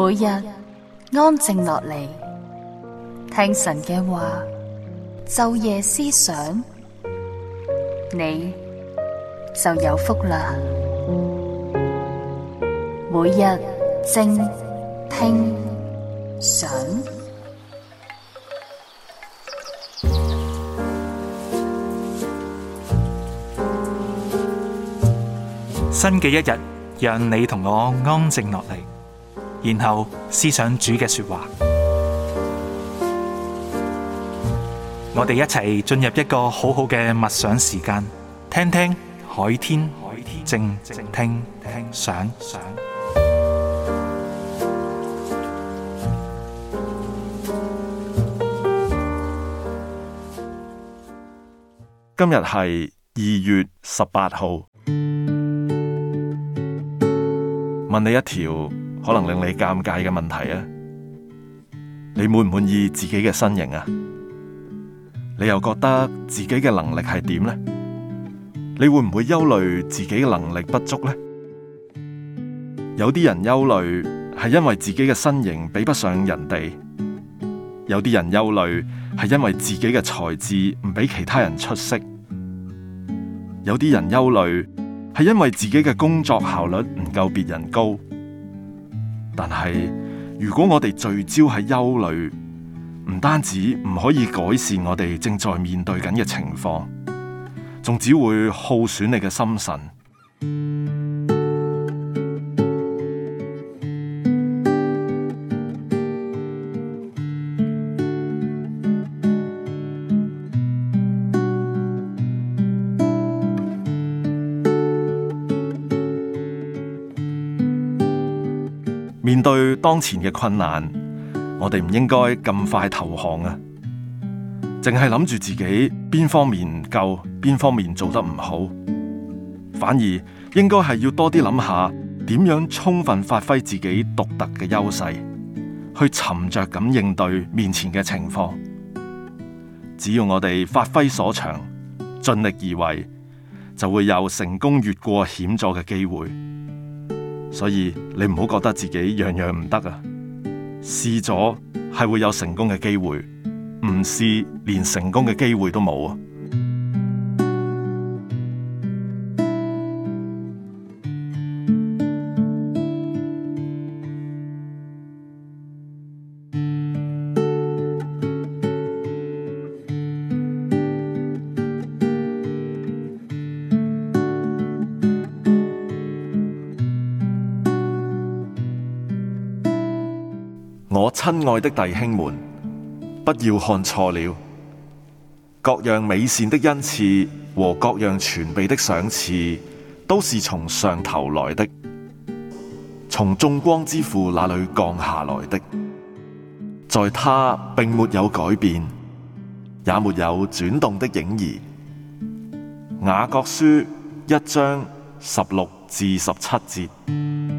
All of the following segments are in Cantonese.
每日安靜落嚟，聽神嘅話，晝夜思想，你就有福啦。每日靜聽想，新嘅一日，讓你同我安靜落嚟。然後思想主嘅說話，我哋一齊進入一個好好嘅默想時間，聽聽海天靜聽想。今日係二月十八號，問你一條，可能令你尷尬嘅問題啊？你滿唔滿意自己嘅身形啊？你又覺得自己嘅能力係點呢？你會唔會憂慮自己嘅能力不足呢？有啲人憂慮係因為自己嘅身形比不上人哋；有啲人憂慮係因為自己嘅才智唔比其他人出色；有啲人憂慮係因為自己嘅工作效率唔夠別人高。但係，如果我哋聚焦喺憂慮，唔單止唔可以改善我哋正在面對緊嘅情況，仲只會耗損你嘅心神。面對當前嘅困難，我哋唔應該咁快投降啊！淨係諗住自己邊方面唔夠，邊方面做得唔好，反而應該係要多啲諗下，點樣充分發揮自己獨特嘅優勢，去沉着咁應對面前嘅情況。只要我哋發揮所長，盡力而為，就會有成功越過險阻嘅機會。所以你唔好覺得自己樣樣唔得啊！試咗係會有成功嘅機會，唔試連成功嘅機會都冇啊！我親愛的弟兄們，不要看錯了，各樣美善的恩賜和各樣全備的賞賜，都是從上頭來的，從眾光之父那裡降下來的，在他並沒有改變，也沒有轉動的影兒。雅各書一章十六至十七節。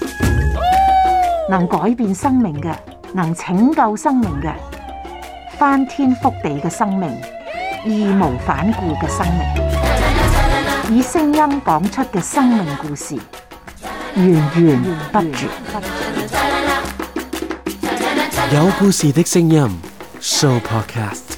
能改變生命嘅，能拯救生命嘅，翻天覆地嘅生命，義無反顧嘅生命，以聲音講出嘅生命故事，源源不絕。有故事的聲音，Show Podcast。